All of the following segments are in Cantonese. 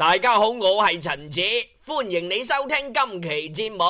大家好，我係陳姐，歡迎你收聽今期節目。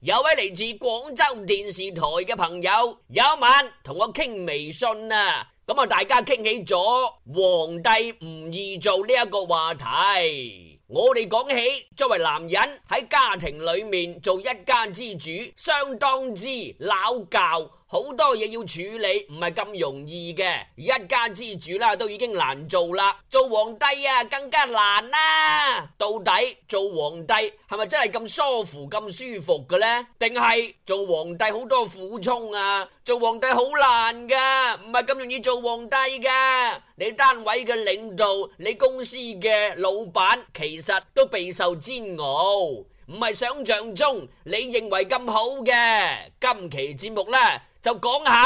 有位嚟自廣州電視台嘅朋友，有一晚同我傾微信啊，咁啊，大家傾起咗皇帝唔易做呢一個話題。我哋講起作為男人喺家庭裏面做一家之主，相當之拗撬。好多嘢要處理，唔係咁容易嘅。一家之主啦，都已經難做啦，做皇帝啊更加難啦，啊。到底做皇帝係咪真係咁疏忽咁舒服嘅呢？定係做皇帝好多苦衷啊？做皇帝好難噶，唔係咁容易做皇帝噶。你單位嘅領導，你公司嘅老闆，其實都備受煎熬，唔係想象中你認為咁好嘅。今期節目呢。就講下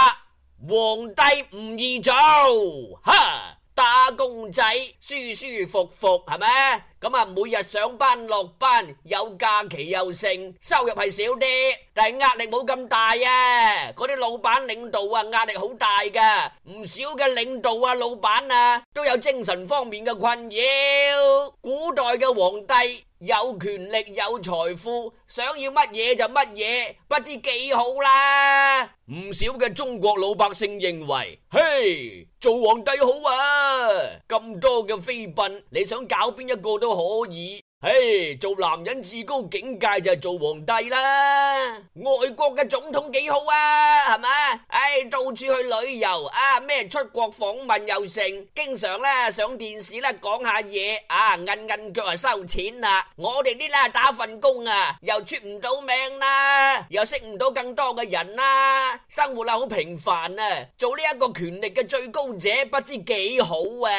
皇帝唔易做，吓，打工仔舒舒服服係咪？咁啊，每日上班落班有假期又剩，收入係少啲，但係壓力冇咁大啊！嗰啲老闆領導啊，壓力好大㗎，唔少嘅領導啊，老闆啊，都有精神方面嘅困擾。古代嘅皇帝。有權力有財富，想要乜嘢就乜嘢，不知幾好啦！唔少嘅中國老百姓認為，嘿，hey，做皇帝好啊！咁多嘅妃嬪，你想搞邊一個都可以。嘿，做男人至高境界就係做皇帝啦！外國嘅總統幾好啊，係咪？唉，到處去旅遊啊，咩出國訪問又成，經常咧上電視咧講下嘢啊，郁郁腳啊，收錢啦！我哋呢啦打份工啊，又出唔到名啦，又識唔到更多嘅人啦，生活啦好平凡啊！做呢一個權力嘅最高者，不知幾好啊！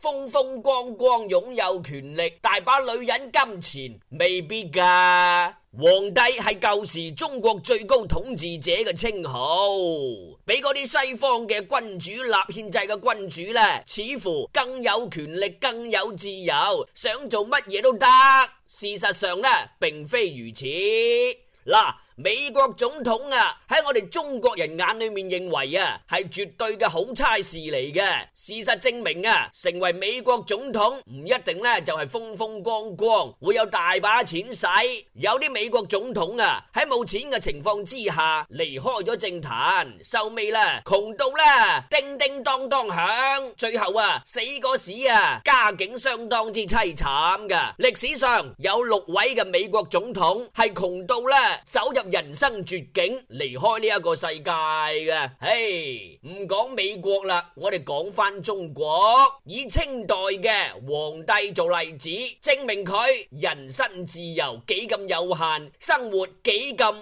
風風光光擁有權力，大把女。要引金錢未必噶，皇帝係舊時中國最高統治者嘅稱號，比嗰啲西方嘅君主立憲制嘅君主呢，似乎更有權力、更有自由，想做乜嘢都得。事實上呢，並非如此。嗱。美國總統啊，喺我哋中國人眼裏面認為啊，係絕對嘅好差事嚟嘅。事實證明啊，成為美國總統唔一定咧就係風風光光，會有大把錢使。有啲美國總統啊，喺冇錢嘅情況之下離開咗政壇，收尾啦，窮到啦，叮叮噹噹響，最後啊死嘅時候啊，家境相當之淒慘嘅。歷史上有六位嘅美國總統係窮到啦走入，人生絕境，離開呢一個世界嘅。唉，唔講美國啦，我哋講返中國，以清代嘅皇帝做例子，證明佢人身自由幾咁有限，生活幾咁。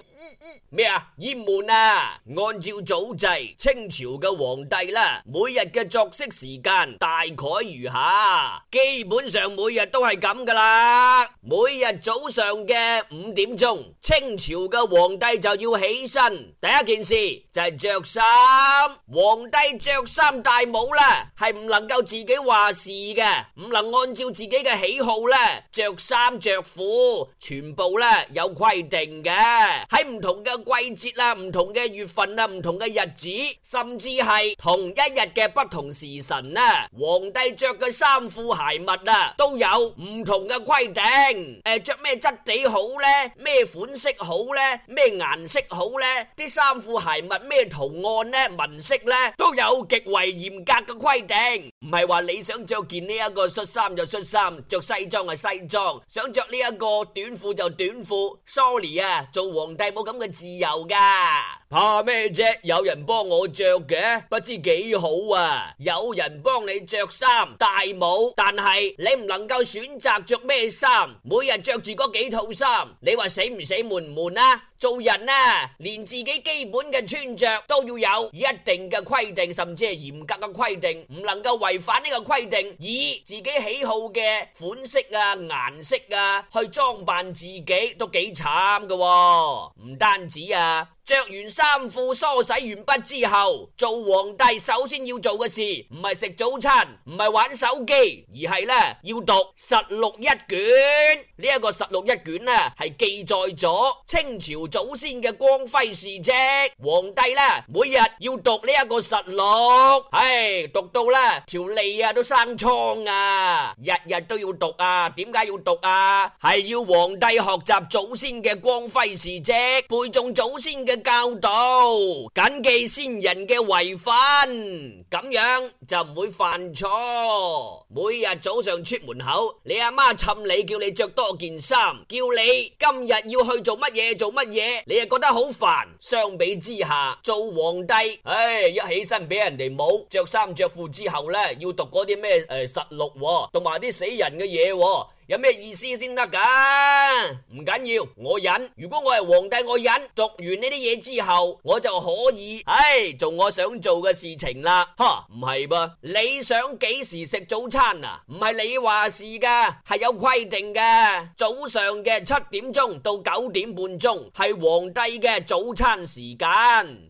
咩啊？厭悶啊！按照祖制，清朝嘅皇帝呢，每日嘅作息時間大概如下，基本上每日都係咁噶啦。每日早上嘅五點鐘，清朝嘅皇帝就要起身，第一件事就係着衫。皇帝着衫戴帽啦，係唔能夠自己話事嘅，唔能夠按照自己嘅喜好呢，着衫着褲，全部咧有規定嘅喺。唔同嘅季節啊，唔同嘅月份啊，唔同嘅日子，甚至係同一日嘅不同時辰啊，皇帝着嘅衫褲鞋襪啊，都有唔同嘅規定。誒，着咩質地好呢？咩款式好呢？咩顏色好呢？啲衫褲鞋襪咩圖案呢？紋飾呢，都有極為嚴格嘅規定。唔係話你想着件呢一個恤衫就恤衫，着西裝就西裝，想着呢一個短褲就短褲。Sorry 啊，做皇帝。冇咁嘅自由噶。怕咩啫？有人幫我着嘅，不知幾好啊！有人幫你着衫、戴帽，但係你唔能夠選擇着咩衫，每日着住嗰幾套衫，你話死唔死，悶唔悶啊？做人啊，連自己基本嘅穿着都要有一定嘅規定，甚至係嚴格嘅規定，唔能夠違反呢個規定，以自己喜好嘅款式啊、顏色啊去裝扮自己，都幾慘噶喎。唔單止啊！着完衫褲梳洗完畢之後，做皇帝首先要做嘅事唔係食早餐，唔係玩手機，而係呢，要讀《實錄》一卷呢、這、一個《實錄》一卷呢係記載咗清朝祖先嘅光輝事跡。皇帝呢，每日要讀呢一個《實錄》，唉，讀到呢條脷啊都生瘡啊！日日都要讀啊？點解要讀啊？係要皇帝學習祖先嘅光輝事跡，背誦祖先嘅。教導謹記先人嘅遺訓，咁樣就唔會犯錯。每日早上出門口，你阿媽氹你叫你着多件衫，叫你今日要去做乜嘢做乜嘢，你又覺得好煩。相比之下，做皇帝，唉、哎，一起身俾人哋冇着衫着褲之後呢，要讀嗰啲咩誒實錄，同埋啲死人嘅嘢。有咩意思先得噶？唔緊要，我忍。如果我係皇帝，我忍讀完呢啲嘢之後，我就可以唉、哎、做我想做嘅事情啦。吓，唔係噃？你想幾時食早餐啊？唔係你話事噶，係有規定嘅。早上嘅七點鐘到九點半鐘係皇帝嘅早餐時間。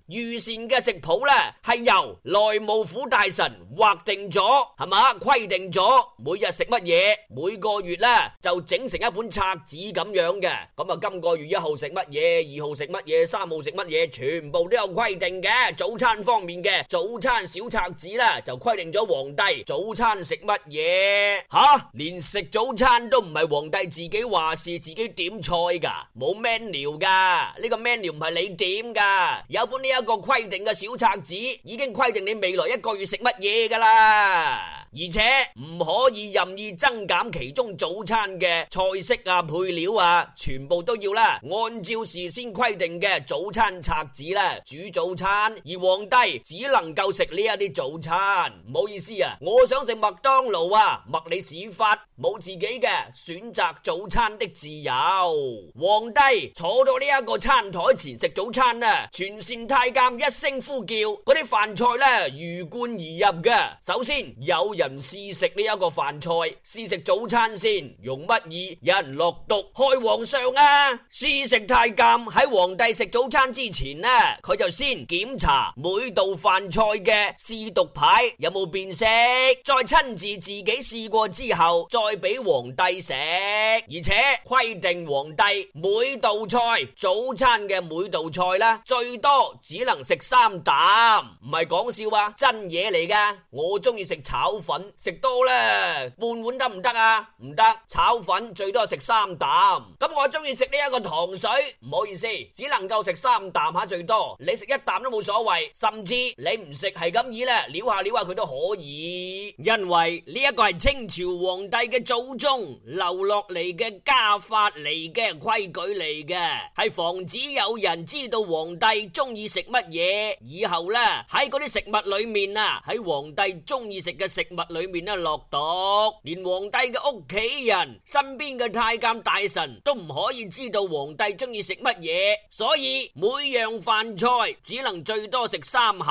御膳嘅食譜咧係由內務府大臣劃定咗，係嘛規定咗每日食乜嘢，每個月咧。就整成一本冊子咁樣嘅，咁啊今個月一號食乜嘢，二號食乜嘢，三號食乜嘢，全部都有規定嘅。早餐方面嘅早餐小冊子啦，就規定咗皇帝早餐食乜嘢吓，連食早餐都唔係皇帝自己話事，自己點菜噶，冇 menu 噶，呢個 menu 唔係你點噶，有本呢一個規定嘅小冊子，已經規定你未來一個月食乜嘢噶啦。而且唔可以任意增減其中早餐嘅菜式啊，配料啊，全部都要啦，按照事先規定嘅早餐冊子咧煮早餐。而皇帝只能夠食呢一啲早餐。唔好意思啊，我想食麥當勞啊，麥你屎忽，冇自己嘅選擇早餐的自由。皇帝坐到呢一個餐台前食早餐啊，全線太監一聲呼叫，啲飯菜咧魚貫而入嘅。首先有。人試食呢一個飯菜，試食早餐先用乜嘢？有人落毒害皇上啊！試食太監喺皇帝食早餐之前呢，佢就先檢查每道飯菜嘅試毒牌有冇變色，再親自自己試過之後再俾皇帝食。而且規定皇帝每道菜早餐嘅每道菜呢，最多只能食三啖，唔係講笑啊，真嘢嚟㗎。我中意食炒飯，粉食多咧半碗得唔得啊？唔得，炒粉最多食三啖。咁我中意食呢一個糖水，唔好意思，只能夠食三啖下最多。你食一啖都冇所謂，甚至你唔食係咁以咧撩下撩下佢都可以。因為呢一個係清朝皇帝嘅祖宗留落嚟嘅家法嚟嘅規矩嚟嘅，係防止有人知道皇帝中意食乜嘢。以後啦，喺嗰啲食物裏面啊，喺皇帝中意食嘅食。物裏面呢，啊，落毒，連皇帝嘅屋企人、身邊嘅太監大臣都唔可以知道皇帝中意食乜嘢，所以每樣飯菜只能最多食三口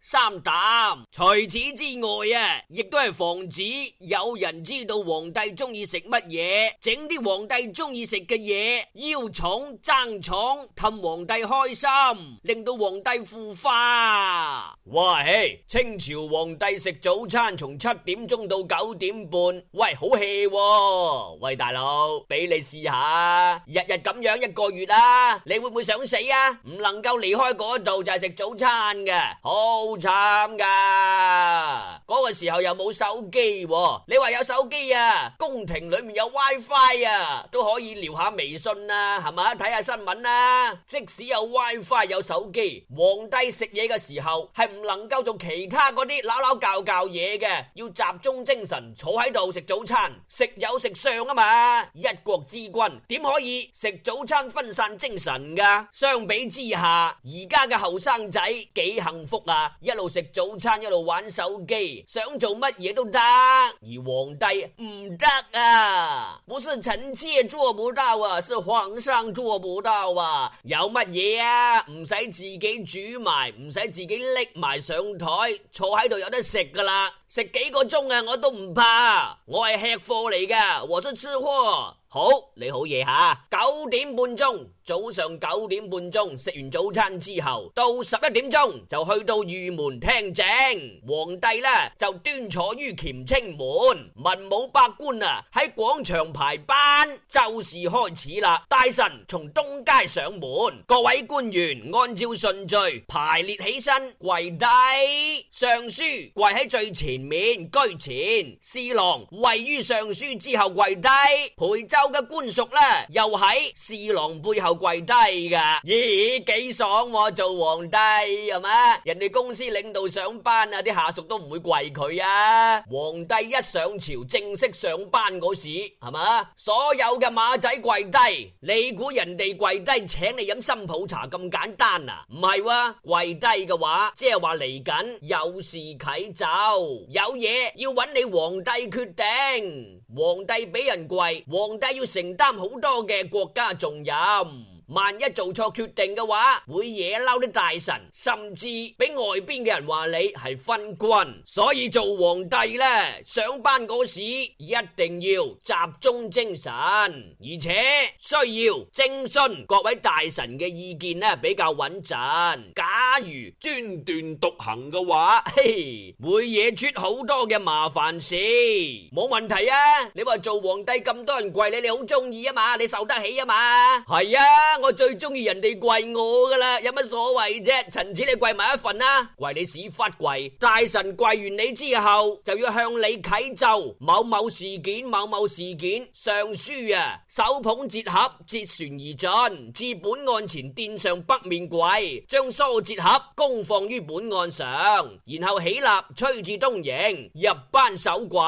三啖。除此之外啊，亦都係防止有人知道皇帝中意食乜嘢，整啲皇帝中意食嘅嘢，邀寵爭寵，氹皇帝開心，令到皇帝腐化。哇嘿！清朝皇帝食早餐從。七點鐘到九點半，喂，好氣、喎、喂，大佬，俾你試下，日日咁樣一個月啦、啊，你會唔會想死啊？唔能夠離開嗰度就係食早餐噶，好慘噶，嗰、那個時候又冇手機、喎，你話有手機啊？宮廷裏面有 WiFi 啊，都可以聊下微信啊，係咪？睇下新聞啊，即使有 WiFi 有手機，皇帝食嘢嘅時候係唔能夠做其他嗰啲撈撈教教嘢嘅。要集中精神坐喺度食早餐，食有食相啊嘛！一國之君點可以食早餐分散精神噶？相比之下，而家嘅後生仔幾幸福啊！一路食早餐，一路玩手機，想做乜嘢都得。而皇帝唔得啊！唔係臣妾做唔到啊，是皇上做唔到啊！有乜嘢啊？唔使自己煮埋，唔使自己拎埋上台，坐喺度有得食噶啦！食幾個鐘啊，我都唔怕，我係吃貨嚟㗎，我是吃貨。好，你好嘢吓，九點半鐘早上九點半鐘食完早餐之後，到十一點鐘就去到御門聽政，皇帝咧就端坐於乾清門，文武百官啊喺廣場排班，奏事開始啦，大臣從東街上門，各位官員按照順序排列起身跪低，尚書跪喺最前面居前，侍郎位於尚書之後跪低陪奏。有嘅官屬呢，又喺侍郎背後跪低噶，咦，幾爽喎！啊！做皇帝係嘛？人哋公司領導上班啊，啲下屬都唔會跪佢啊。皇帝一上朝正式上班嗰時，係嘛？所有嘅馬仔跪低，你估人哋跪低請你飲新抱茶咁簡單啊？唔係喎，跪低嘅話，即係話嚟緊有事啟奏，有嘢要揾你皇帝決定。皇帝畀人跪，皇帝要承擔好多嘅國家重任。萬一做錯決定嘅話，會惹嬲啲大臣，甚至俾外邊嘅人話你係昏君。所以做皇帝呢，上班嗰時一定要集中精神，而且需要徵詢各位大臣嘅意見呢，比較穩陣。假如專斷獨行嘅話，嘿，嘿，會惹出好多嘅麻煩事。冇問題啊，你話做皇帝咁多人跪你，你好中意啊嘛，你受得起啊嘛。係啊。我最中意人哋跪我㗎喇，有乜所謂啫？陳子你跪埋一份啊，跪你屎忽跪！大臣跪完你之後，就要向你啟奏某某事件、某某事件上書啊！手捧折盒，折船而進，至本案前墊上北面跪，將疏折盒供放於本案上，然後起立，趨至東營，入班守跪，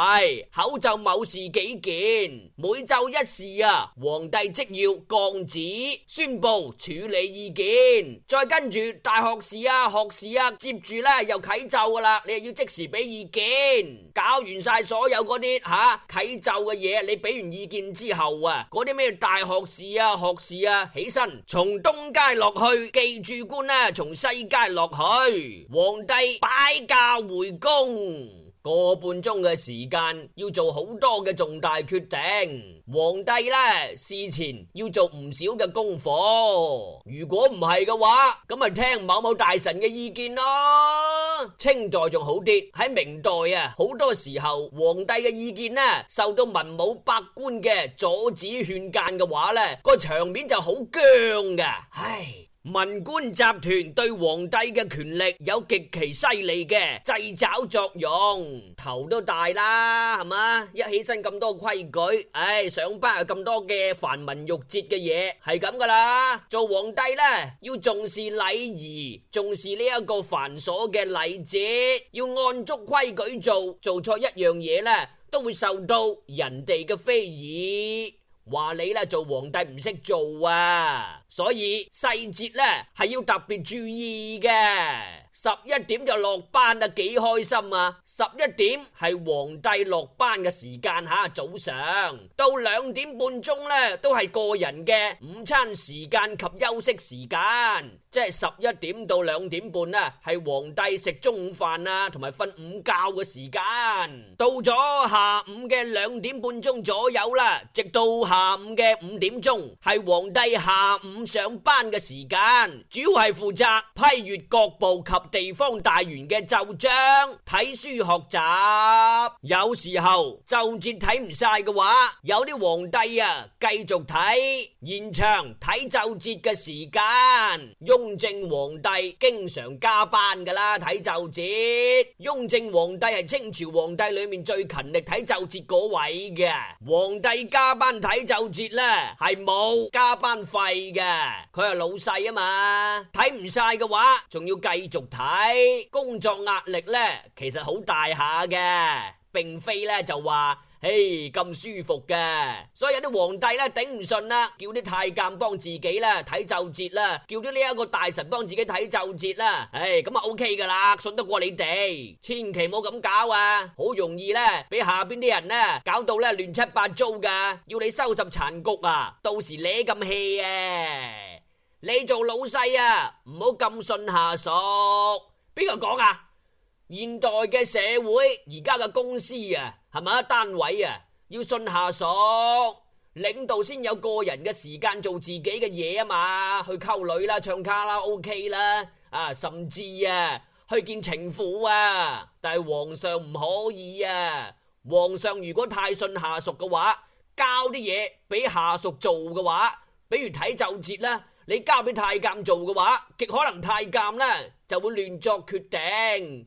口奏某事幾件，每奏一事啊，皇帝即要降旨。宣布處理意見，再跟住大學士啊、學士啊，接住咧又啟奏噶啦，你又要即時俾意見，搞完晒所有嗰啲吓啟奏嘅嘢，你俾完意見之後啊，嗰啲咩大學士啊、學士啊起身從東街落去，記住官啦、啊，從西街落去，皇帝擺駕回宮。個半鐘嘅時間要做好多嘅重大決定，皇帝呢，事前要做唔少嘅功課。如果唔係嘅話，咁咪聽某某大臣嘅意見咯。清代仲好啲，喺明代啊，好多時候皇帝嘅意見呢，受到文武百官嘅阻止勸諫嘅話呢，個場面就好僵嘅。唉。文官集團對皇帝嘅權力有極其犀利嘅掣肘作用，頭都大啦，係嘛？一起身咁多規矩，唉、哎，上班有咁多嘅繁文縟節嘅嘢，係咁噶啦。做皇帝呢，要重視禮儀，重視呢一個繁瑣嘅禮節，要按足規矩做，做錯一樣嘢呢，都會受到人哋嘅非議。話你啦，做皇帝唔識做啊，所以細節咧係要特別注意嘅。十一點就落班啊，幾開心啊！十一點係皇帝落班嘅時間吓，早上到兩點半鐘咧都係個人嘅午餐時間及休息時間。即係十一點到兩點半啦，係皇帝食中午飯啊，同埋瞓午覺嘅時間。到咗下午嘅兩點半鐘左右啦，直到下午嘅五點鐘，係皇帝下午上班嘅時間，主要係負責批閱各部及地方大員嘅奏章、睇書學習。有時候奏折睇唔晒嘅話，有啲皇帝啊繼續睇，延長睇奏折嘅時間，雍正皇帝經常加班噶啦，睇奏摺。雍正皇帝係清朝皇帝裏面最勤力睇奏摺嗰位嘅。皇帝加班睇奏摺呢，係冇加班費嘅。佢係老細啊嘛，睇唔晒嘅話，仲要繼續睇。工作壓力呢，其實好大下嘅。並非咧就話，嘿咁舒服嘅。所以有啲皇帝咧頂唔順啦，叫啲太監幫自己咧睇奏折啦，叫咗呢一個大臣幫自己睇奏折啦，唉咁啊 OK 噶啦，信得過你哋，千祈唔好咁搞啊，好容易咧俾下邊啲人咧搞到咧亂七八糟噶，要你收拾殘局啊，到時你咁氣啊，你做老細啊唔好咁信下屬，邊個講啊？現代嘅社會而家嘅公司啊，係咪單位啊，要信下屬領導先有個人嘅時間做自己嘅嘢啊嘛，去溝女啦，唱卡拉 OK 啦，啊，甚至啊去見情婦啊，但係皇上唔可以啊。皇上如果太信下屬嘅話，交啲嘢俾下屬做嘅話，比如睇奏折啦，你交俾太監做嘅話，極可能太監啦就會亂作決定。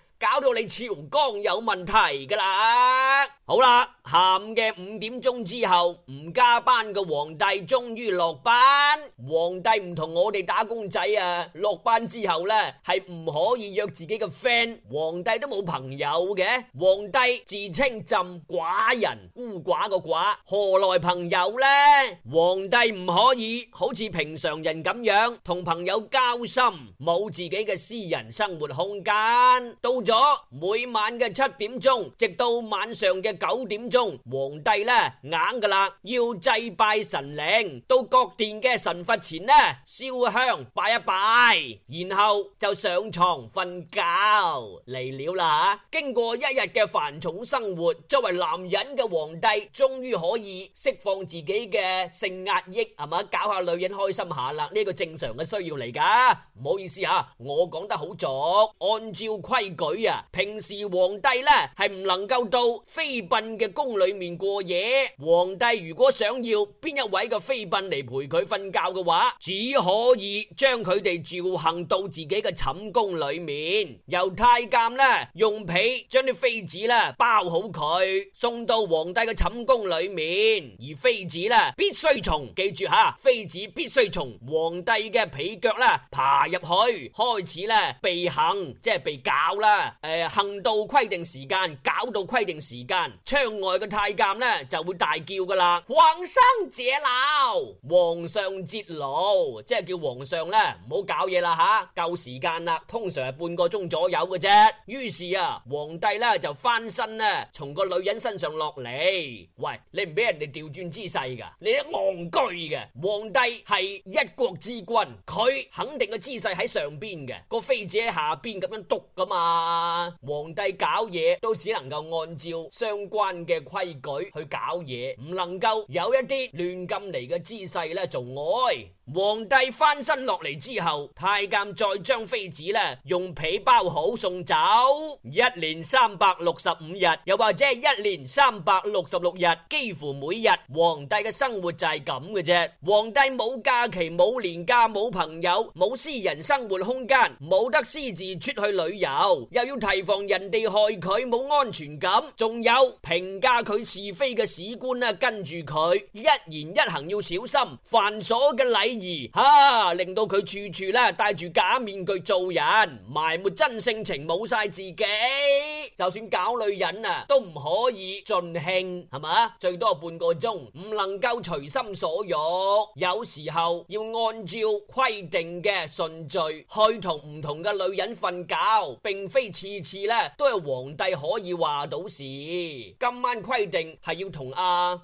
搞到你朝綱有問題噶啦！好啦，下午嘅五點鐘之後，唔加班嘅皇帝終於落班。皇帝唔同我哋打工仔啊，落班之後咧係唔可以約自己嘅 friend。皇帝都冇朋友嘅，皇帝自稱朕寡人孤寡嘅寡，何來朋友咧？皇帝唔可以好似平常人咁樣同朋友交心，冇自己嘅私人生活空間。到咗。每晚嘅七點鐘，直到晚上嘅九點鐘，皇帝呢硬噶啦，要祭拜神靈，到各殿嘅神佛前呢燒香拜一拜，然後就上床瞓覺嚟了啦吓。經過一日嘅繁重生活，作為男人嘅皇帝，終於可以釋放自己嘅性壓抑，係嘛搞下女人開心下啦，呢個正常嘅需要嚟噶。唔好意思吓，我講得好俗，按照規矩。平時皇帝咧係唔能夠到妃嬪嘅宮裏面過夜。皇帝如果想要邊一位嘅妃嬪嚟陪佢瞓覺嘅話，只可以將佢哋召幸到自己嘅寢宮裏面，由太監啦用被將啲妃子啦包好佢，送到皇帝嘅寢宮裏面。而妃子啦必須從，記住吓，妃子必須從皇帝嘅被腳啦爬入去，開始啦被幸，即係被搞啦。誒、呃，行到規定時間，搞到規定時間，窗外嘅太監呢就會大叫噶啦。皇上節勞，皇上節勞，即係叫皇上呢，唔好搞嘢啦吓，夠時間啦，通常係半個鐘左右嘅啫。於是啊，皇帝呢就翻身呢，從個女人身上落嚟。喂，你唔俾人哋調轉姿勢噶，你都戇居嘅。皇帝係一國之君，佢肯定個姿勢喺上邊嘅，個妃子喺下邊咁樣篤噶嘛。啊！皇帝搞嘢都只能夠按照相關嘅規矩去搞嘢，唔能夠有一啲亂咁嚟嘅姿勢咧做愛。皇帝翻身落嚟之後，太監再將妃子咧用被包好送走。一年三百六十五日，又或者係一年三百六十六日，幾乎每日皇帝嘅生活就係咁嘅啫。皇帝冇假期，冇年假，冇朋友，冇私人生活空間，冇得私自出去旅遊。一又要提防人哋害佢冇安全感，仲有評價佢是非嘅史官啊，跟住佢一言一行要小心，繁瑣嘅禮儀吓令到佢處處咧戴住假面具做人，埋沒真性情，冇晒自己。就算搞女人啊，都唔可以盡興，係嘛？最多半個鐘，唔能夠隨心所欲。有時候要按照規定嘅順序去同唔同嘅女人瞓覺，並非。次次咧都係皇帝可以話到事，今晚規定係要同阿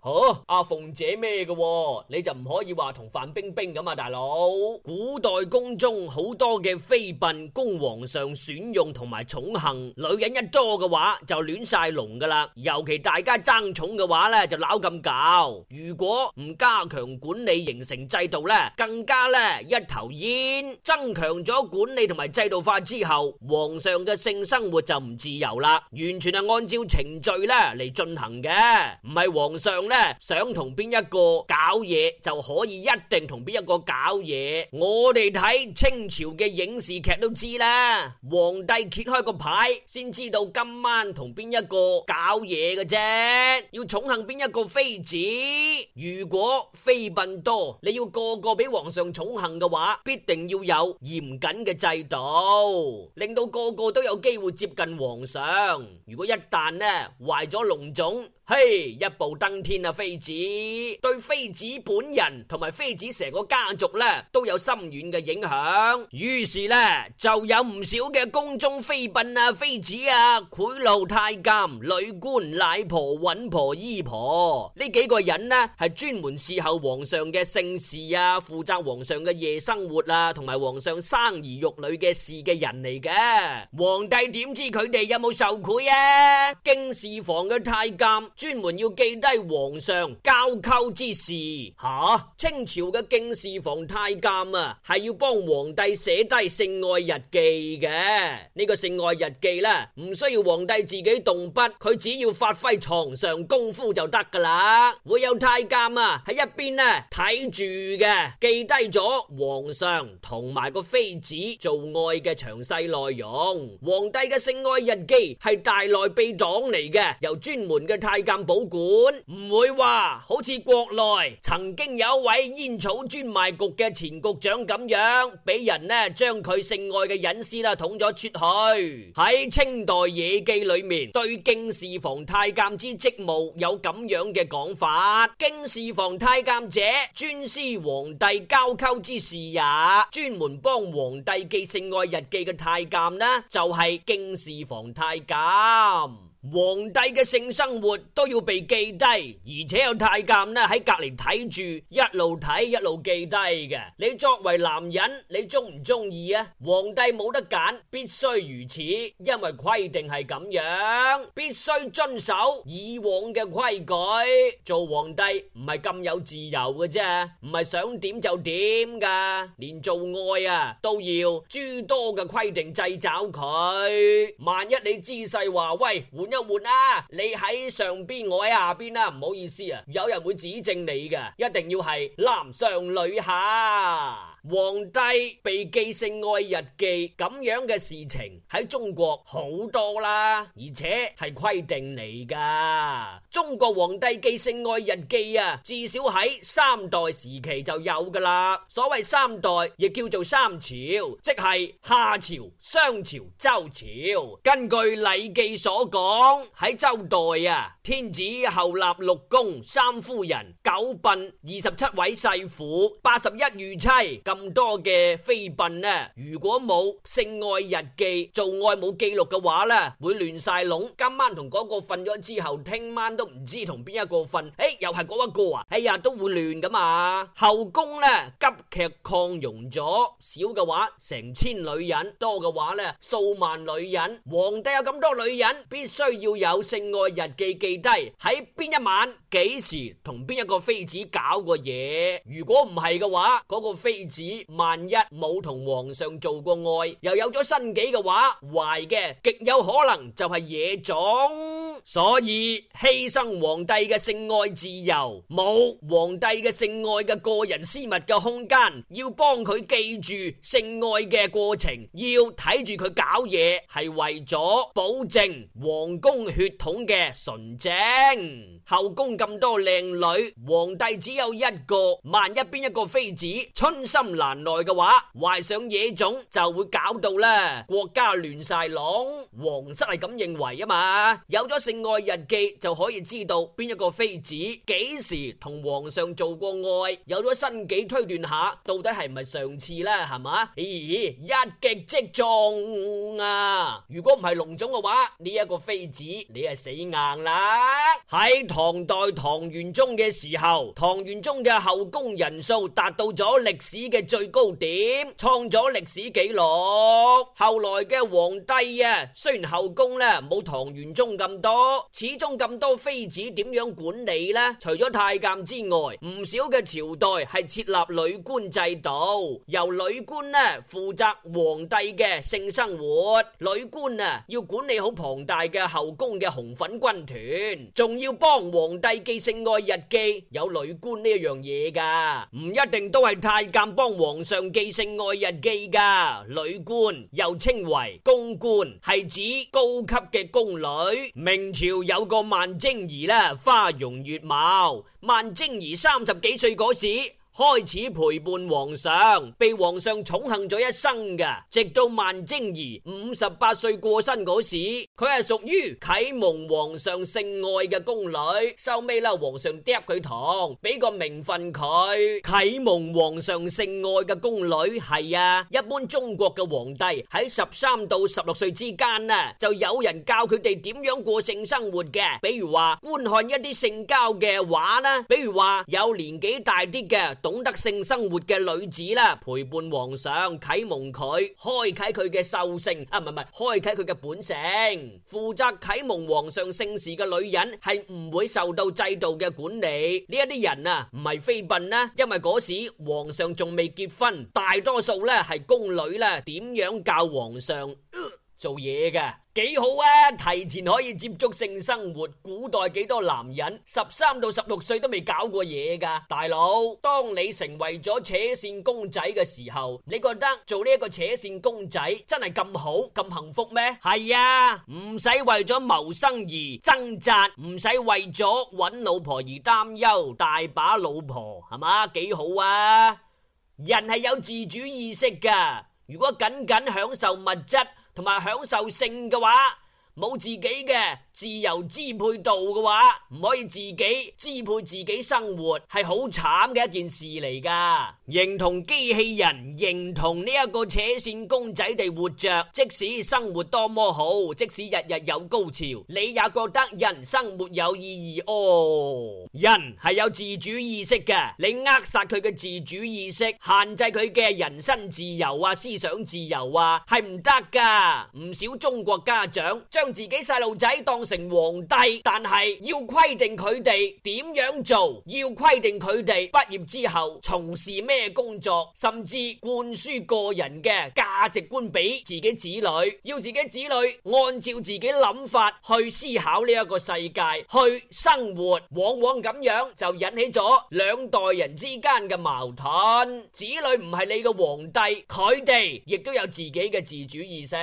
阿鳳姐咩嘅、哦，你就唔可以話同范冰冰咁啊，大佬！古代宮中好多嘅妃嬪，供皇上選用同埋寵幸，女人一多嘅話就亂晒龍噶啦，尤其大家爭寵嘅話咧就鬧咁搞。如果唔加強管理形成制度咧，更加咧一頭煙。增強咗管理同埋制度化之後，皇上嘅性。生活就唔自由啦，完全係按照程序咧嚟進行嘅，唔係皇上咧想同邊一個搞嘢，就可以一定同邊一個搞嘢。我哋睇清朝嘅影視劇都知啦，皇帝揭開個牌先知道今晚同邊一個搞嘢嘅啫，要寵幸邊一個妃子。如果妃嬪多，你要個個俾皇上寵幸嘅話，必定要有嚴謹嘅制度，令到個個都有。機會接近皇上，如果一旦呢壞咗龍種。嘿，hey, 一步登天啊！妃子對妃子本人同埋妃子成個家族咧，都有深遠嘅影響。於是咧，就有唔少嘅宮中妃嬪啊、妃子啊，賄賂太監、女官、奶婆、穩婆、姨婆呢幾個人呢，係專門侍候皇上嘅性事啊，負責皇上嘅夜生活啊，同埋皇上生兒育女嘅事嘅人嚟嘅。皇帝點知佢哋有冇受賄啊？敬事房嘅太監。專門要記低皇上交媾之事吓，清朝嘅敬事房太監啊係要幫皇帝寫低性愛日記嘅。呢個性愛日記咧，唔需要皇帝自己動筆，佢只要發揮床上功夫就得噶啦。會有太監啊喺一邊呢睇住嘅，記低咗皇上同埋個妃子做愛嘅詳細內容。皇帝嘅性愛日記係大內秘檔嚟嘅，由專門嘅太。咁保管唔會話，好似國內曾經有一位煙草專賣局嘅前局長咁樣，俾人呢將佢性愛嘅隱私啦捅咗出去。喺清代野記裏面，對敬事房太監之職務有咁樣嘅講法：敬事房太監者，專司皇帝交媾之事也，專門幫皇帝記性愛日記嘅太監呢就係敬事房太監。皇帝嘅性生活都要被記低，而且有太監呢喺隔籬睇住，一路睇一路記低嘅。你作為男人，你中唔中意啊？皇帝冇得揀，必須如此，因為規定係咁樣，必須遵守以往嘅規矩。做皇帝唔係咁有自由嘅啫，唔係想點就點噶。連做愛啊都要諸多嘅規定制找佢。萬一你姿勢話喂。換，換啦、啊！你喺上邊，我喺下邊啦。唔好意思啊，有人會指正你嘅，一定要係男上女下。皇帝被記性愛日記咁樣嘅事情喺中國好多啦，而且係規定嚟噶。中國皇帝記性愛日記啊，至少喺三代時期就有噶啦。所謂三代亦叫做三朝，即係夏朝、商朝、周朝。根據《禮記》所講，喺周代啊，天子後立六宮、三夫人、九嬪、二十七位世婦、八十一御妻咁。咁多嘅妃嬪呢，如果冇性愛日記做愛冇記錄嘅話呢，會亂晒籠。今晚同嗰個瞓咗之後，聽晚都唔知同邊一個瞓，哎，又係嗰一個啊！哎呀，都會亂噶嘛。後宮呢，急劇擴容咗，少嘅話成千女人，多嘅話呢，數萬女人。皇帝有咁多女人，必須要有性愛日記記低喺邊一晚。幾時同邊一個妃子搞過嘢？如果唔係嘅話，嗰個妃子萬一冇同皇上做過愛，又有咗身己嘅話，懷嘅極有可能就係野種。所以犧牲皇帝嘅性愛自由，冇皇帝嘅性愛嘅個人私密嘅空間，要幫佢記住性愛嘅過程，要睇住佢搞嘢，係為咗保證皇宮血統嘅純正。後宮咁多靚女，皇帝只有一個，萬一邊一個妃子春心難耐嘅話，懷上野種就會搞到咧，國家亂晒籠。皇室係咁認為啊嘛，有咗性。愛日記就可以知道邊一個妃子幾時同皇上做過愛，有咗新幾推斷下，到底係唔係上次呢？係嘛？咦，一擊即中啊！如果唔係龍種嘅話，呢一個妃子你係死硬啦。喺唐代唐玄宗嘅時候，唐玄宗嘅後宮人數達到咗歷史嘅最高點，創咗歷史紀錄。後來嘅皇帝啊，雖然後宮呢冇唐玄宗咁多。始終咁多妃子點樣管理呢？除咗太監之外，唔少嘅朝代係設立女官制度，由女官呢、啊、負責皇帝嘅性生活。女官啊，要管理好龐大嘅後宮嘅紅粉軍團，仲要幫皇帝記性愛日記。有女官呢一樣嘢噶，唔一定都係太監幫皇上記性愛日記噶。女官又稱為宮官，係指高級嘅宮女名。明朝有個萬貞兒啦，花容月貌。萬貞兒三十幾歲嗰時。開始陪伴皇上，被皇上寵幸咗一生噶，直到萬貞兒五十八歲過身嗰時，佢係屬於啟蒙皇上性愛嘅宮女。收尾啦，皇上抌佢糖，俾個名分佢啟蒙皇上性愛嘅宮女。係啊，一般中國嘅皇帝喺十三到十六歲之間呢，就有人教佢哋點樣過性生活嘅，比如話觀看一啲性交嘅畫呢，比如話有年紀大啲嘅。懂得性生活嘅女子啦，陪伴皇上，啟蒙佢，開啟佢嘅獸性啊，唔係唔係，開啟佢嘅本性，負責啟蒙皇上性事嘅女人係唔會受到制度嘅管理。呢一啲人啊，唔係妃嬪啦，因為嗰時皇上仲未結婚，大多數咧係宮女咧，點樣教皇上？呃做嘢嘅幾好啊！提前可以接觸性生活，古代幾多男人十三到十六歲都未搞過嘢噶。大佬，當你成為咗扯線公仔嘅時候，你覺得做呢一個扯線公仔真係咁好咁幸福咩？係啊，唔使為咗謀生而掙扎，唔使為咗揾老婆而擔憂，大把老婆係嘛，幾好啊！人係有自主意識噶，如果僅僅享受物質，同埋享受性嘅話，冇自己嘅自由支配度嘅話，唔可以自己支配自己生活，係好慘嘅一件事嚟噶形同機器人，形同呢一個扯線公仔地活着，即使生活多麼好，即使日日有高潮，你也覺得人生沒有意義哦。人係有自主意識嘅，你扼殺佢嘅自主意識，限制佢嘅人身自由啊、思想自由啊，係唔得噶唔少中國家長將自己細路仔當。成皇帝，但係要規定佢哋點樣做，要規定佢哋畢業之後從事咩工作，甚至灌輸個人嘅價值觀俾自己子女，要自己子女按照自己諗法去思考呢一個世界，去生活。往往咁樣就引起咗兩代人之間嘅矛盾。子女唔係你嘅皇帝，佢哋亦都有自己嘅自主意識。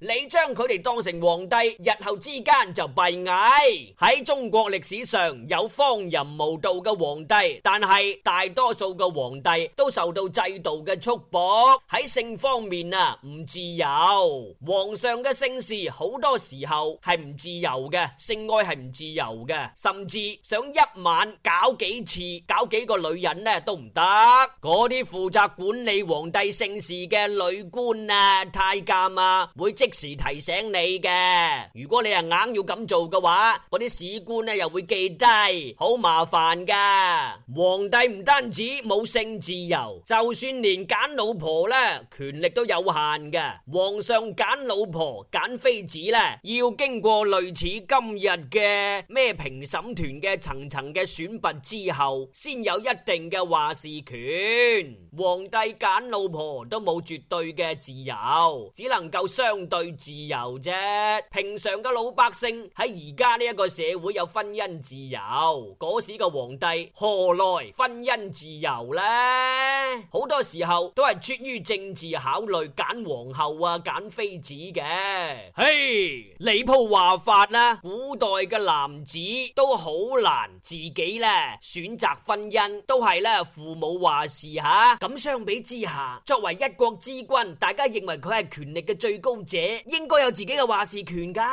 你將佢哋當成皇帝，日後之間。就閉翳。喺中國歷史上有荒淫無道嘅皇帝，但係大多數嘅皇帝都受到制度嘅束縛。喺性方面啊，唔自由。皇上嘅性事好多時候係唔自由嘅，性愛係唔自由嘅，甚至想一晚搞幾次，搞幾個女人呢都唔得。嗰啲負責管理皇帝性事嘅女官啊、太監啊，會即時提醒你嘅。如果你係硬要，咁做嘅話，嗰啲史官咧又會記低，好麻煩噶。皇帝唔單止冇性自由，就算連揀老婆咧，權力都有限嘅，皇上揀老婆、揀妃子咧，要經過類似今日嘅咩評審團嘅層層嘅選拔之後，先有一定嘅話事權。皇帝揀老婆都冇絕對嘅自由，只能夠相對自由啫。平常嘅老百姓。喺而家呢一個社會有婚姻自由，嗰時個皇帝何來婚姻自由呢？好多時候都係出於政治考慮，揀皇后啊、揀妃子嘅。嘿，你鋪話法啦，古代嘅男子都好難自己咧選擇婚姻，都係咧父母話事吓。咁、啊、相比之下，作為一國之君，大家認為佢係權力嘅最高者，應該有自己嘅話事權㗎。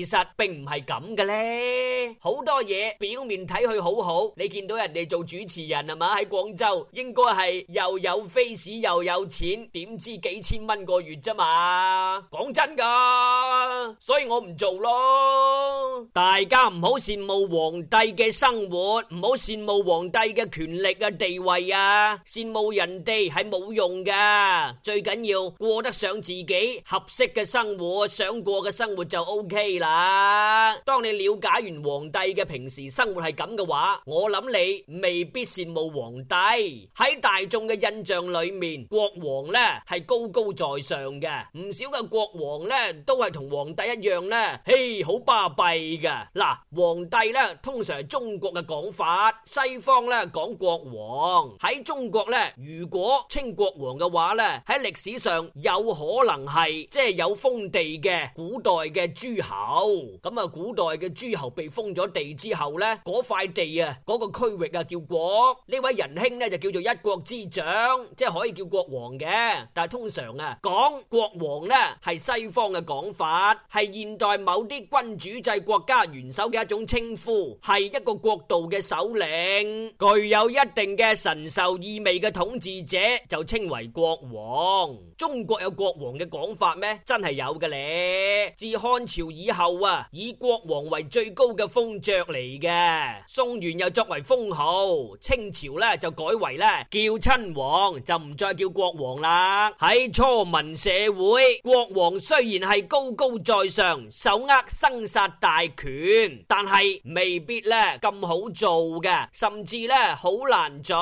其實並唔係咁嘅咧，好多嘢，表面睇去好好，你見到人哋做主持人係嘛喺廣州，應該係又有 face 又有錢，點知幾千蚊個月咋嘛？講真噶，所以我唔做咯。大家唔好羨慕皇帝嘅生活，唔好羨慕皇帝嘅權力啊地位啊，羨慕人哋係冇用噶。最緊要過得上自己合適嘅生活，想過嘅生活就 OK 啦。啊！當你了解完皇帝嘅平時生活係咁嘅話，我諗你未必羨慕皇帝。喺大眾嘅印象裏面，國王咧係高高在上嘅。唔少嘅國王咧都係同皇帝一樣咧，嘿，好巴閉嘅。嗱，皇帝咧通常係中國嘅講法，西方咧講國王。喺中國咧，如果稱國王嘅話咧，喺歷史上有可能係即係有封地嘅古代嘅諸侯。咁啊，古代嘅諸侯被封咗地之後咧，塊地啊，嗰個區域啊叫國。呢位仁兄咧就叫做一國之長，即係可以叫國王嘅。但係通常啊，講國王咧係西方嘅講法，係現代某啲君主制國家元首嘅一種稱呼，係一個國度嘅首領，具有一定嘅神授意味嘅統治者就稱為國王。中國有國王嘅講法咩？真係有嘅咧，自漢朝以後。啊！以國王為最高嘅封爵嚟嘅，宋元又作為封號，清朝咧就改為咧叫親王，就唔再叫國王啦。喺初民社會，國王雖然係高高在上，手握生殺大權，但係未必咧咁好做嘅，甚至咧好難做。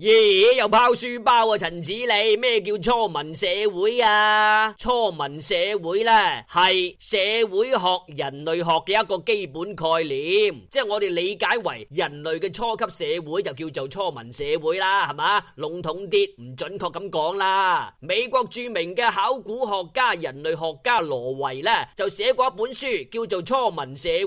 耶！又拋書包啊，陳子你咩叫初民社會啊？初民社會咧係社會，學人類學嘅一個基本概念，即係我哋理解為人類嘅初級社會就叫做初民社會啦，係嘛，籠統啲，唔準確咁講啦。美國著名嘅考古學家、人類學家羅維呢就寫過一本書，叫做《初民社會》。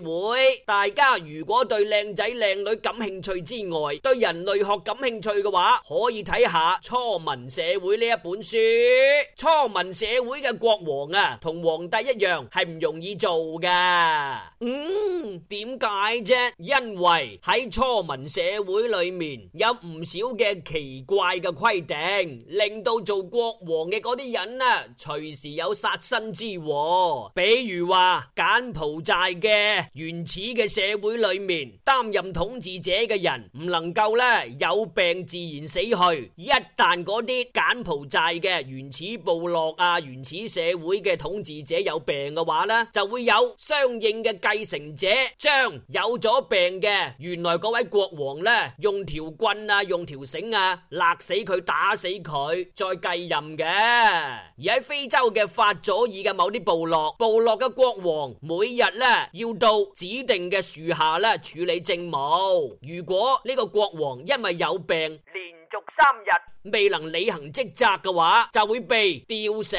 大家如果對靚仔靚女感興趣之外，對人類學感興趣嘅話，可以睇下《初民社會》呢一本書。初民社會嘅國王啊，同皇帝一樣係唔容易做嘅，嗯，點解啫？因為喺初民社會裏面有唔少嘅奇怪嘅規定，令到做國王嘅啲人啊，隨時有殺身之禍。比如話柬埔寨嘅原始嘅社會裏面，擔任統治者嘅人唔能夠咧有病自然死去。一旦啲柬埔寨嘅原始部落啊、原始社會嘅統治者有病嘅話咧，就會有有相應嘅繼承者，將有咗病嘅原來嗰位國王呢，用條棍啊，用條繩啊，勒死佢，打死佢，再繼任嘅。而喺非洲嘅法佐爾嘅某啲部落，部落嘅國王每日呢，要到指定嘅樹下咧處理政務。如果呢個國王因為有病，連續三日。未能履行職責嘅話，就會被吊死，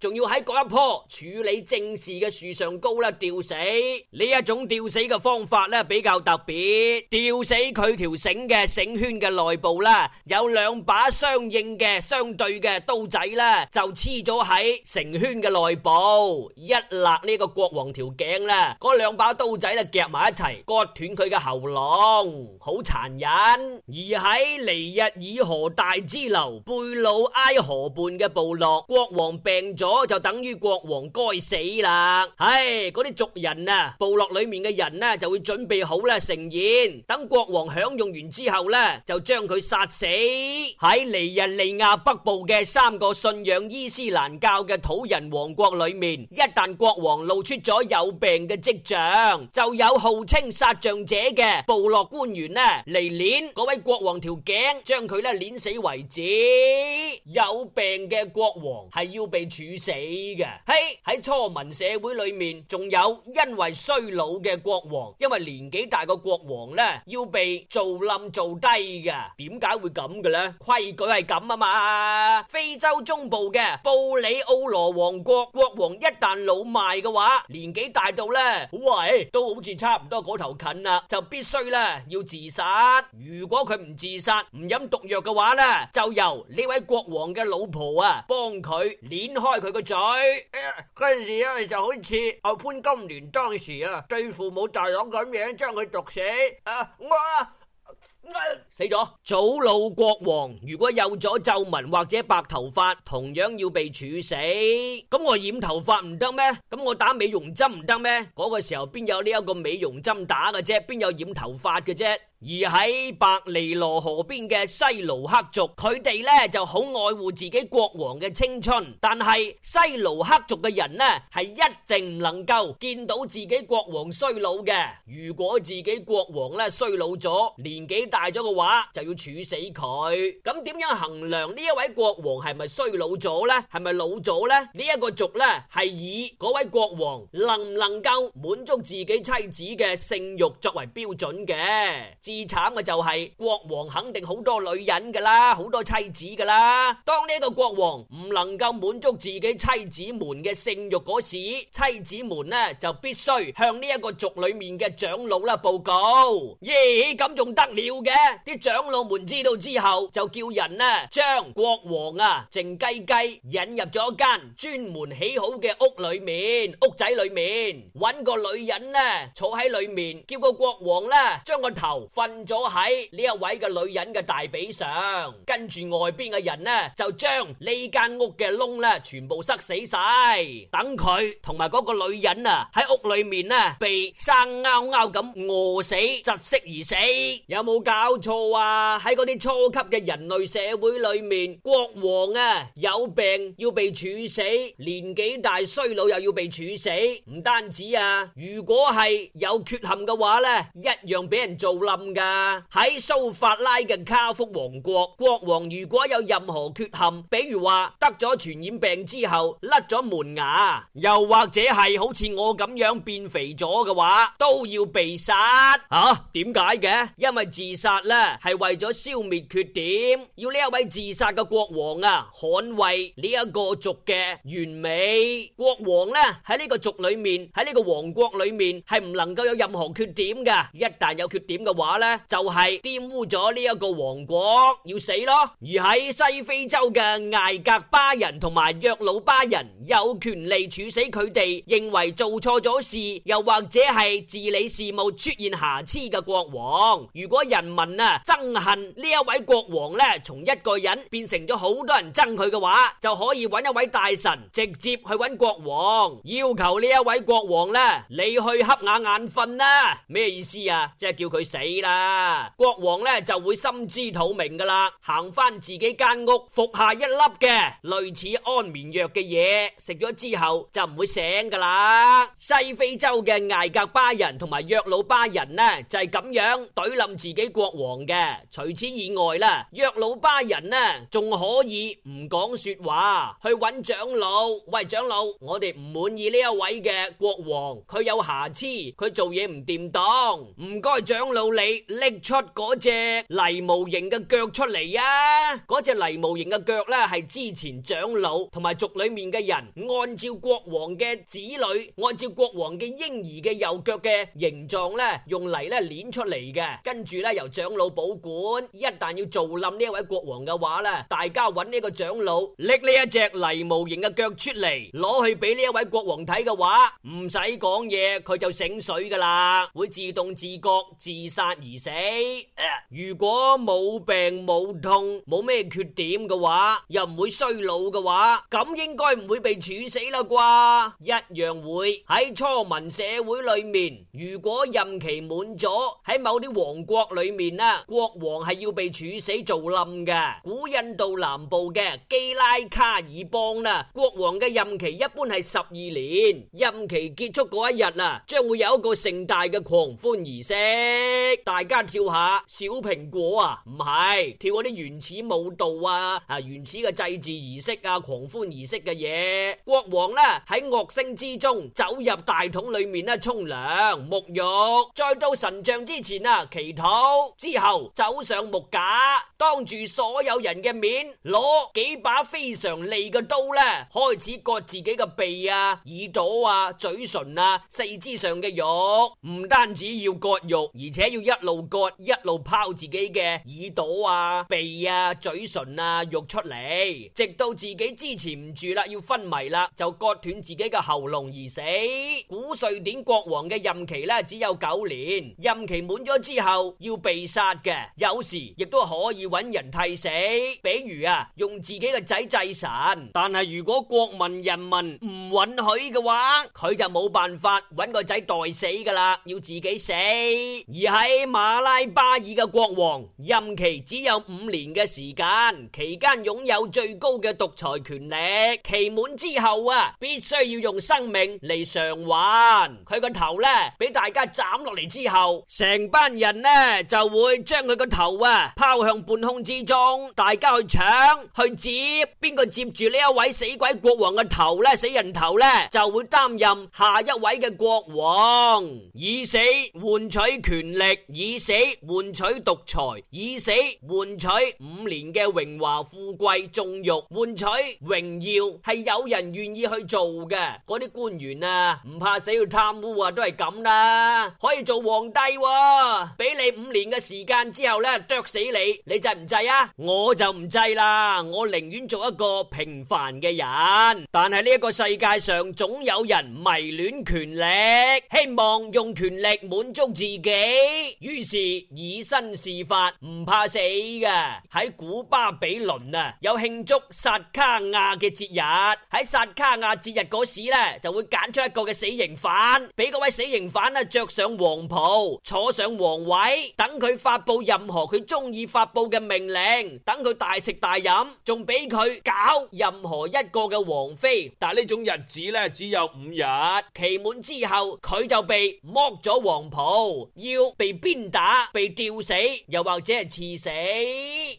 仲要喺嗰一棵處理政事嘅樹上高咧吊死。呢一種吊死嘅方法咧比較特別，吊死佢條繩嘅繩圈嘅內部啦，有兩把相應嘅相對嘅刀仔咧就黐咗喺繩圈嘅內部，一勒呢個國王條頸咧，嗰兩把刀仔咧夾埋一齊，割斷佢嘅喉嚨，好殘忍。而喺尼日爾河大。之流，貝魯埃河畔嘅部落國王病咗，就等於國王該死啦！唉，嗰啲族人啊，部落裏面嘅人呢，就會準備好啦，盛宴。等國王享用完之後呢，就將佢殺死。喺尼日利亞北部嘅三個信仰伊斯蘭教嘅土人王國裏面，一旦國王露出咗有病嘅跡象，就有號稱殺像者嘅部落官員呢，嚟鏈嗰位國王條頸，將佢咧鏈死為。子有病嘅國王係要被處死嘅。喺喺初民社會裏面，仲有因為衰老嘅國王，因為年紀大個國王呢，要被做冧做低噶。點解會咁嘅呢？規矩係咁啊嘛。非洲中部嘅布里奧羅王國國王，一旦老邁嘅話，年紀大到咧，喂，都好似差唔多嗰頭近啦，就必須咧要自殺。如果佢唔自殺，唔飲毒藥嘅話呢。就由呢位國王嘅老婆啊，幫佢捻開佢個嘴。嗰陣、哎、時咧就好似後潘金蓮當時啊，對父母大黨咁樣將佢毒死。啊，我啊啊死咗了。祖魯國王如果有咗皺紋或者白頭髮，同樣要被處死。咁我染頭髮唔得咩？咁我打美容針唔得咩？嗰、那個時候邊有呢一個美容針打嘅啫？邊有染頭髮嘅啫？而喺白尼羅河邊嘅西盧克族，佢哋咧就好愛護自己國王嘅青春。但係西盧克族嘅人呢，係一定唔能夠見到自己國王衰老嘅。如果自己國王咧衰老咗、年紀大咗嘅話，就要處死佢。咁點樣衡量呢一位國王係咪衰老咗呢？係咪老咗呢？呢、這、一個族呢，係以嗰位國王能唔能夠滿足自己妻子嘅性慾作為標準嘅。最慘嘅就係、是、國王肯定好多女人噶啦，好多妻子噶啦。當呢一個國王唔能夠滿足自己妻子們嘅性慾嗰時，妻子們呢就必須向呢一個族裏面嘅長老啦，報告。耶，咁仲得了嘅？啲長老們知道之後，就叫人呢將國王啊，靜雞雞引入咗一間專門起好嘅屋裏面，屋仔裏面搵個女人呢坐喺裏面，叫個國王呢將個頭，瞓咗喺呢一位嘅女人嘅大髀上，跟住外邊嘅人呢就將呢間屋嘅窿呢全部塞死晒，等佢同埋嗰個女人啊喺屋裏面呢被生勾勾咁餓死窒息而死。有冇搞錯啊？喺嗰啲初級嘅人類社會裏面，國王啊有病要被處死，年紀大衰老又要被處死，唔單止啊，如果係有缺陷嘅話呢，一樣俾人做冧。噶喺蘇法拉嘅卡福王國，國王如果有任何缺陷，比如話得咗傳染病之後甩咗門牙，又或者係好似我咁樣變肥咗嘅話，都要被殺吓？點解嘅？因為自殺咧係為咗消滅缺點，要呢一位自殺嘅國王啊，捍衛呢一個族嘅完美。國王咧喺呢個族裏面，喺呢個王國裏面係唔能夠有任何缺點㗎，一旦有缺點嘅話。咧就係玷污咗呢一個王國，要死咯！而喺西非洲嘅艾格巴人同埋約魯巴人有權利處死佢哋認為做錯咗事，又或者係治理事務出現瑕疵嘅國王。如果人民啊憎恨呢一位國王呢，從一個人變成咗好多人憎佢嘅話，就可以揾一位大臣直接去揾國王，要求呢一位國王呢：「你去黑眼眼瞓啦？」咩意思啊？即係叫佢死啦！啊！國王咧就會心知肚明噶啦，行翻自己間屋服下一粒嘅類似安眠藥嘅嘢，食咗之後就唔會醒噶啦。西非洲嘅艾格巴人同埋約魯巴人呢，就係咁樣懟冧自己國王嘅。除此以外啦，約魯巴人呢仲可以唔講說話去揾長老。喂，長老，我哋唔滿意呢一位嘅國王，佢有瑕疵，佢做嘢唔掂當，唔該長老你。拎出嗰隻泥模型嘅腳出嚟啊！嗰隻泥模型嘅腳咧，係之前長老同埋族裏面嘅人按照國王嘅子女、按照國王嘅嬰兒嘅右腳嘅形狀咧，用泥咧碾出嚟嘅。跟住咧，由長老保管。一旦要做冧呢一位國王嘅話咧，大家揾呢個長老拎呢一隻泥模型嘅腳出嚟，攞去俾呢一位國王睇嘅話，唔使講嘢，佢就醒水噶啦，會自動自覺自殺。而死。如果冇病冇痛，冇咩缺點嘅話，又唔會衰老嘅話，咁應該唔會被處死啦啩？一樣會喺初民社會裏面。如果任期滿咗，喺某啲王國裏面啦，國王係要被處死做冧嘅。古印度南部嘅基拉卡爾邦啦，國王嘅任期一般係十二年。任期結束嗰一日啊，將會有一個盛大嘅狂歡儀式。大大家跳下小蘋果啊，唔係跳嗰啲原始舞蹈啊，啊原始嘅祭祀儀式啊，狂歡儀式嘅嘢。國王咧喺樂聲之中走入大桶裏面咧沖涼沐浴，再到神像之前啊祈禱之後走上木架，當住所有人嘅面，攞幾把非常利嘅刀咧開始割自己嘅鼻啊、耳朵啊、嘴唇啊、四肢上嘅肉。唔單止要割肉，而且要一。一路割，一路拋自己嘅耳朵啊、鼻啊、嘴唇啊肉出嚟，直到自己支持唔住啦，要昏迷啦，就割斷自己嘅喉嚨而死。古瑞典國王嘅任期咧只有九年，任期滿咗之後要被殺嘅，有時亦都可以揾人替死，比如，啊用自己嘅仔祭神，但係如果國民人民唔允許嘅話，佢就冇辦法揾個仔代死噶啦，要自己死，而喺。馬拉巴爾嘅國王任期只有五年嘅時間，期間擁有最高嘅獨裁權力。期滿之後啊，必須要用生命嚟償還。佢個頭呢，俾大家斬落嚟之後，成班人呢就會將佢個頭啊拋向半空之中，大家去搶去接，邊個接住呢一位死鬼國王嘅頭呢？死人頭呢，就會擔任下一位嘅國王，以死換取權力。以死換取獨裁，以死換取五年嘅榮華富貴，縱慾換取榮耀，係有人願意去做嘅。嗰啲官員啊，唔怕死要貪污啊，都係咁啦。可以做皇帝啊，俾你五年嘅時間之後咧，剁死你，你制唔制啊？我就唔制啦，我寧願做一個平凡嘅人。但係呢一個世界上，總有人迷戀權力，希望用權力滿足自己。於是以身試法，唔怕死嘅。喺古巴比倫啊，有慶祝薩卡亞嘅節日。喺薩卡亞節日嗰時呢，就會揀出一個嘅死刑犯，俾嗰位死刑犯啊着上皇袍，坐上皇位，等佢發布任何佢中意發布嘅命令，等佢大食大飲，仲俾佢搞任何一個嘅皇妃。但係呢種日子呢，只有五日，期滿之後佢就被剝咗皇袍，要被鞭，打被吊死，又或者係刺死，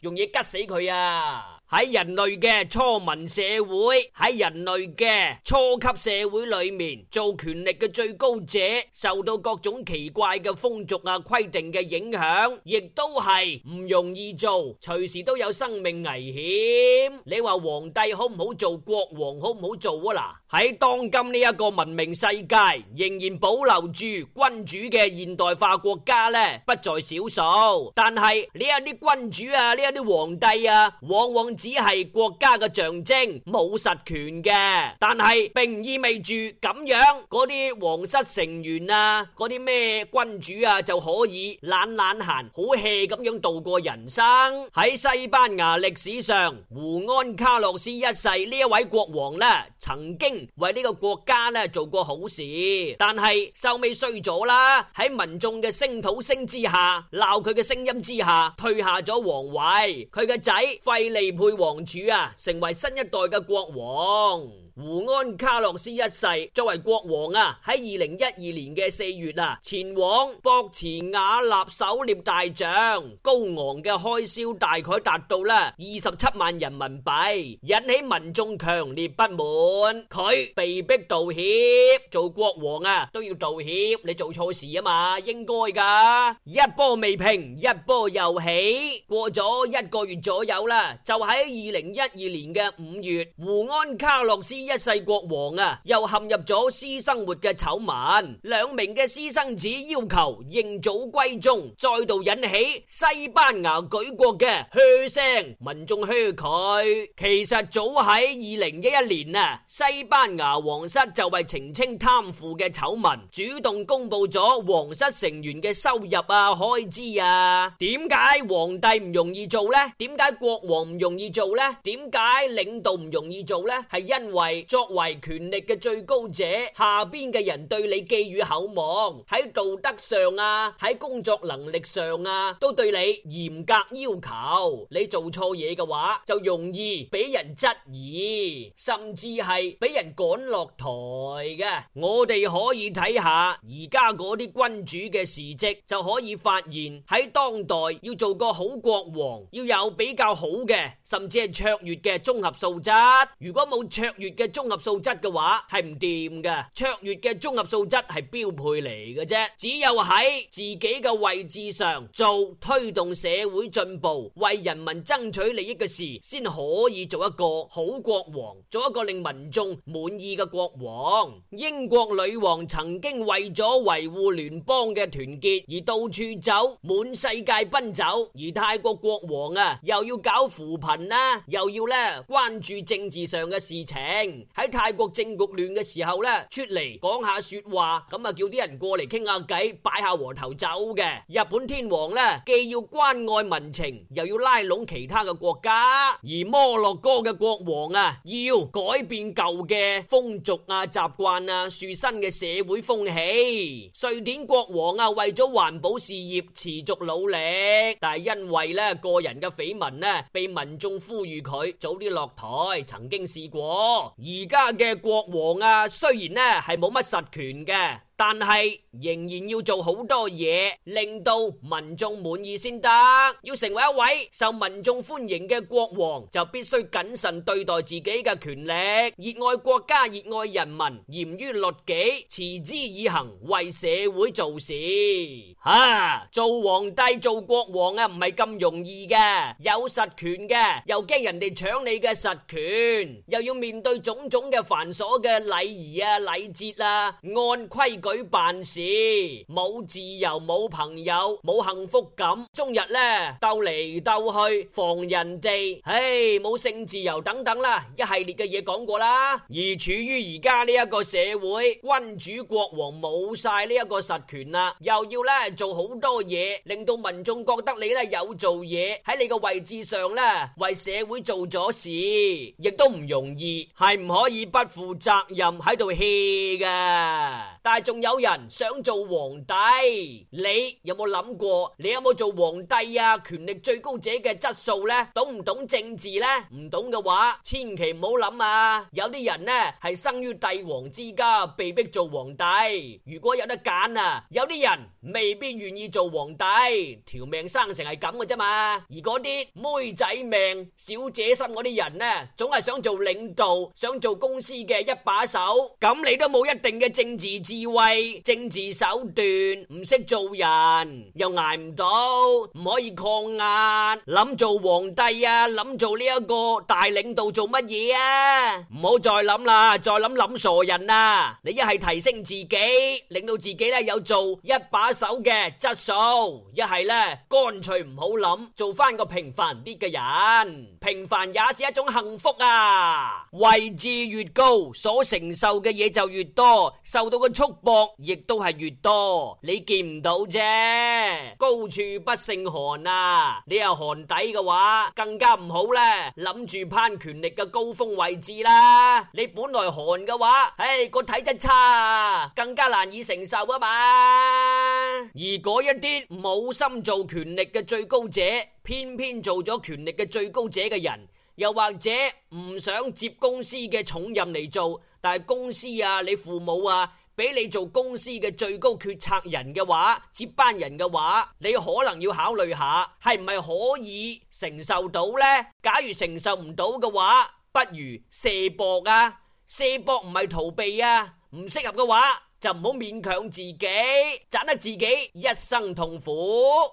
用嘢吉死佢啊！喺人類嘅初民社會，喺人類嘅初級社會裏面做權力嘅最高者，受到各種奇怪嘅風俗啊、規定嘅影響，亦都係唔容易做，隨時都有生命危險。你話皇帝好唔好做？國王好唔好做啊？嗱，喺當今呢一個文明世界，仍然保留住君主嘅現代化國家呢，不在少數。但係呢一啲君主啊，呢一啲皇帝啊，往往。只係國家嘅象徵，冇實權嘅。但係並唔意味住咁樣嗰啲皇室成員啊，嗰啲咩君主啊就可以懶懶閒、好 hea 咁樣度過人生。喺西班牙歷史上，胡安卡洛斯一世呢一位國王呢，曾經為呢個國家呢做過好事。但係收尾衰咗啦，喺民眾嘅聲討聲之下、鬧佢嘅聲音之下，退下咗皇位。佢嘅仔費利佩。王儲啊，成為新一代嘅國王。胡安卡洛斯一世作為國王啊，喺二零一二年嘅四月啊，前往博茨瓦納狩獵大象，高昂嘅開銷大概達到啦二十七萬人民幣，引起民眾強烈不滿。佢被逼道歉，做國王啊都要道歉，你做錯事啊嘛，應該噶。一波未平，一波又起，過咗一個月左右啦，就喺二零一二年嘅五月，胡安卡洛斯。一世國王啊，又陷入咗私生活嘅醜聞，兩名嘅私生子要求認祖歸宗，再度引起西班牙舉國嘅噓聲，民眾噓佢。其實早喺二零一一年啊，西班牙皇室就為澄清貪腐嘅醜聞，主動公布咗皇室成員嘅收入啊、開支啊。點解皇帝唔容易做呢？點解國王唔容易做呢？點解領導唔容易做呢？係因為。作為權力嘅最高者，下邊嘅人對你寄予厚望，喺道德上啊，喺工作能力上啊，都對你嚴格要求。你做錯嘢嘅話，就容易俾人質疑，甚至係俾人趕落台嘅。我哋可以睇下而家嗰啲君主嘅事跡，就可以發現喺當代要做個好國王，要有比較好嘅，甚至係卓越嘅綜合素質。如果冇卓越嘅，綜合素質嘅話係唔掂嘅。卓越嘅綜合素質係標配嚟嘅啫。只有喺自己嘅位置上做推動社會進步、為人民爭取利益嘅事，先可以做一個好國王，做一個令民眾滿意嘅國王。英國女王曾經為咗維護聯邦嘅團結而到處走，滿世界奔走；而泰國國王啊，又要搞扶貧啦、啊，又要咧關注政治上嘅事情。喺泰國政局亂嘅時候咧，出嚟講下說話，咁啊叫啲人過嚟傾下偈，擺下和頭走嘅。日本天皇咧既要關愛民情，又要拉攏其他嘅國家；而摩洛哥嘅國王啊，要改變舊嘅風俗啊、習慣啊，樹新嘅社會風氣。瑞典國王啊，為咗環保事業持續努力，但係因為咧個人嘅緋聞呢，被民眾呼籲佢早啲落台，曾經試過。而家嘅國王啊，雖然呢係冇乜實權嘅。但係仍然要做好多嘢，令到民眾滿意先得。要成為一位受民眾歡迎嘅國王，就必須謹慎對待自己嘅權力，熱愛國家、熱愛人民，嚴於律己，持之以恒，為社會做事。吓，做皇帝、做國王啊，唔係咁容易嘅，有實權嘅，又驚人哋搶你嘅實權，又要面對種種嘅繁瑣嘅禮儀啊、禮節啊，按規矩。佢辦事冇自由，冇朋友，冇幸福感，終日咧鬥嚟鬥去防人哋，唉，冇性自由等等啦，一系列嘅嘢講過啦。而處於而家呢一個社會，君主國王冇晒呢一個實權啦，又要咧做好多嘢，令到民眾覺得你咧有做嘢喺你個位置上咧為社會做咗事，亦都唔容易，係唔可以不負責任喺度氣噶。但係仲。有人想做皇帝，你有冇諗過？你有冇做皇帝啊？權力最高者嘅質素咧，懂唔懂政治咧？唔懂嘅話，千祈唔好諗啊！有啲人呢係生於帝王之家，被逼，做皇帝。如果有得揀啊，有啲人未必願意做皇帝。條命生成係咁嘅啫嘛。而嗰啲妹仔命、小姐心嗰啲人呢，總係想做領導，想做公司嘅一把手。咁你都冇一定嘅政治智慧。政治手段唔識做人，又挨唔到，唔可以抗壓。諗做皇帝啊，諗做呢一個大領導做乜嘢啊？唔好再諗啦，再諗諗傻人啦！你一係提升自己，令到自己咧有做一把手嘅質素；一係咧乾脆唔好諗，做翻個平凡啲嘅人。平凡也是一種幸福啊！位置越高，所承受嘅嘢就越多，受到嘅束縛亦都係越多，你見唔到啫。高處不勝寒啊！你又寒底嘅話，更加唔好啦。諗住攀權力嘅高峰位置啦。你本來寒嘅話，唉，個體質差啊，更加難以承受啊嘛。而嗰一啲冇心做權力嘅最高者，偏偏做咗權力嘅最高者嘅人，又或者唔想接公司嘅重任嚟做，但係公司啊，你父母啊。俾你做公司嘅最高決策人嘅話，接班人嘅話，你可能要考慮下係唔係可以承受到呢？假如承受唔到嘅話，不如卸博啊！卸博唔係逃避啊，唔適合嘅話。就唔好勉強自己，賺得自己一生痛苦。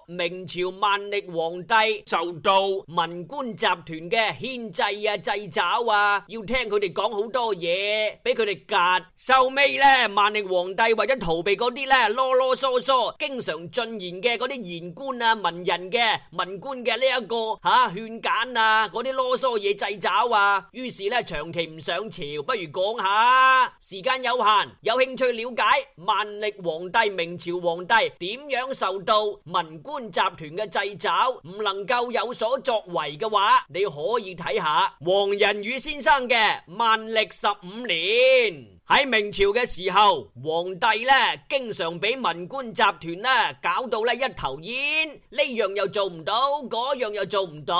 明朝萬曆皇帝受到文官集團嘅牽制啊，掣肘啊，要聽佢哋講好多嘢，俾佢哋夾收尾呢。萬曆皇帝為咗逃避嗰啲呢囉囉嗦嗦，經常進言嘅嗰啲言官啊、文人嘅文官嘅呢一個吓勸諫啊，嗰啲囉嗦嘢掣肘啊，於是呢長期唔上朝，不如講下，時間有限，有興趣了。解萬曆皇帝，明朝皇帝點樣受到文官集團嘅掣肘，唔能夠有所作為嘅話，你可以睇下黃仁宇先生嘅《萬曆十五年》。喺明朝嘅時候，皇帝咧經常俾文官集團咧搞到咧一頭煙，呢樣又做唔到，嗰樣又做唔到。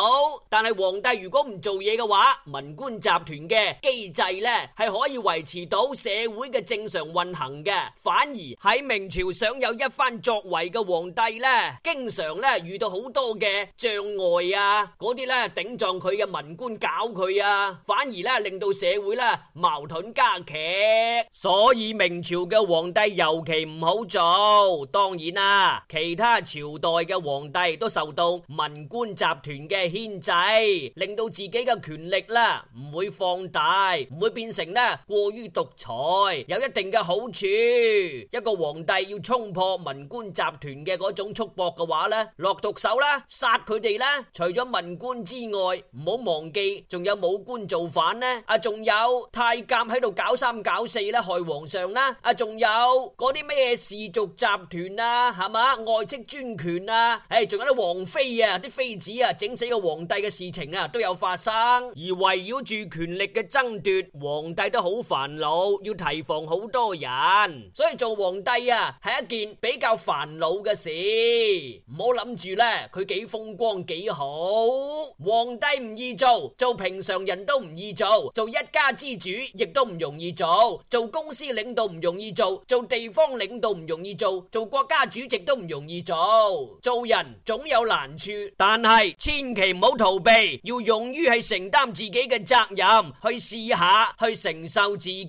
但係皇帝如果唔做嘢嘅話，文官集團嘅機制咧係可以維持到社會嘅正常運行嘅。反而喺明朝想有一番作為嘅皇帝咧，經常咧遇到好多嘅障礙啊，嗰啲咧頂撞佢嘅文官搞佢啊，反而咧令到社會咧矛盾加劇。所以明朝嘅皇帝尤其唔好做，當然啦，其他朝代嘅皇帝都受到文官集團嘅牽制，令到自己嘅權力啦唔會放大，唔會變成咧過於獨裁，有一定嘅好處。一個皇帝要衝破文官集團嘅嗰種束縛嘅話咧，落毒手啦，殺佢哋啦。除咗文官之外，唔好忘記仲有武官造反呢，啊，仲有太監喺度搞三搞四啦，害皇上啦，啊，仲有嗰啲咩氏族集團啊，係嘛，外戚專權啊，誒，仲有啲皇妃啊，啲妃子啊，整死個皇帝嘅事情啊，都有發生。而圍繞住權力嘅爭奪，皇帝都好煩惱，要提防好多人，所以做皇帝啊，係一件比較煩惱嘅事。唔好諗住咧，佢幾風光幾好，皇帝唔易做，做平常人都唔易做，做一家之主亦都唔容易做。做公司領導唔容易做，做地方領導唔容易做，做國家主席都唔容易做。做人總有難處，但係千祈唔好逃避，要勇於去承擔自己嘅責任，去試下去承受自己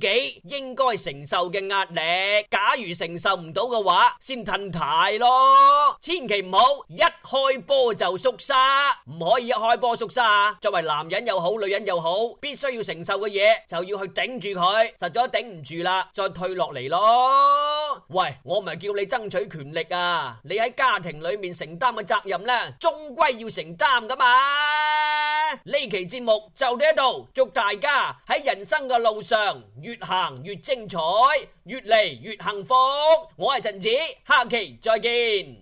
應該承受嘅壓力。假如承受唔到嘅話，先褪軚咯。千祈唔好一開波就縮沙，唔可以一開波縮沙。作為男人又好，女人又好，必須要承受嘅嘢就要去頂住佢。實在。頂唔住啦，再退落嚟咯！喂，我唔係叫你爭取權力啊，你喺家庭裏面承擔嘅責任呢，終歸要承擔噶嘛。呢期節目就到呢度，祝大家喺人生嘅路上越行越精彩，越嚟越幸福。我係陳子，下期再見。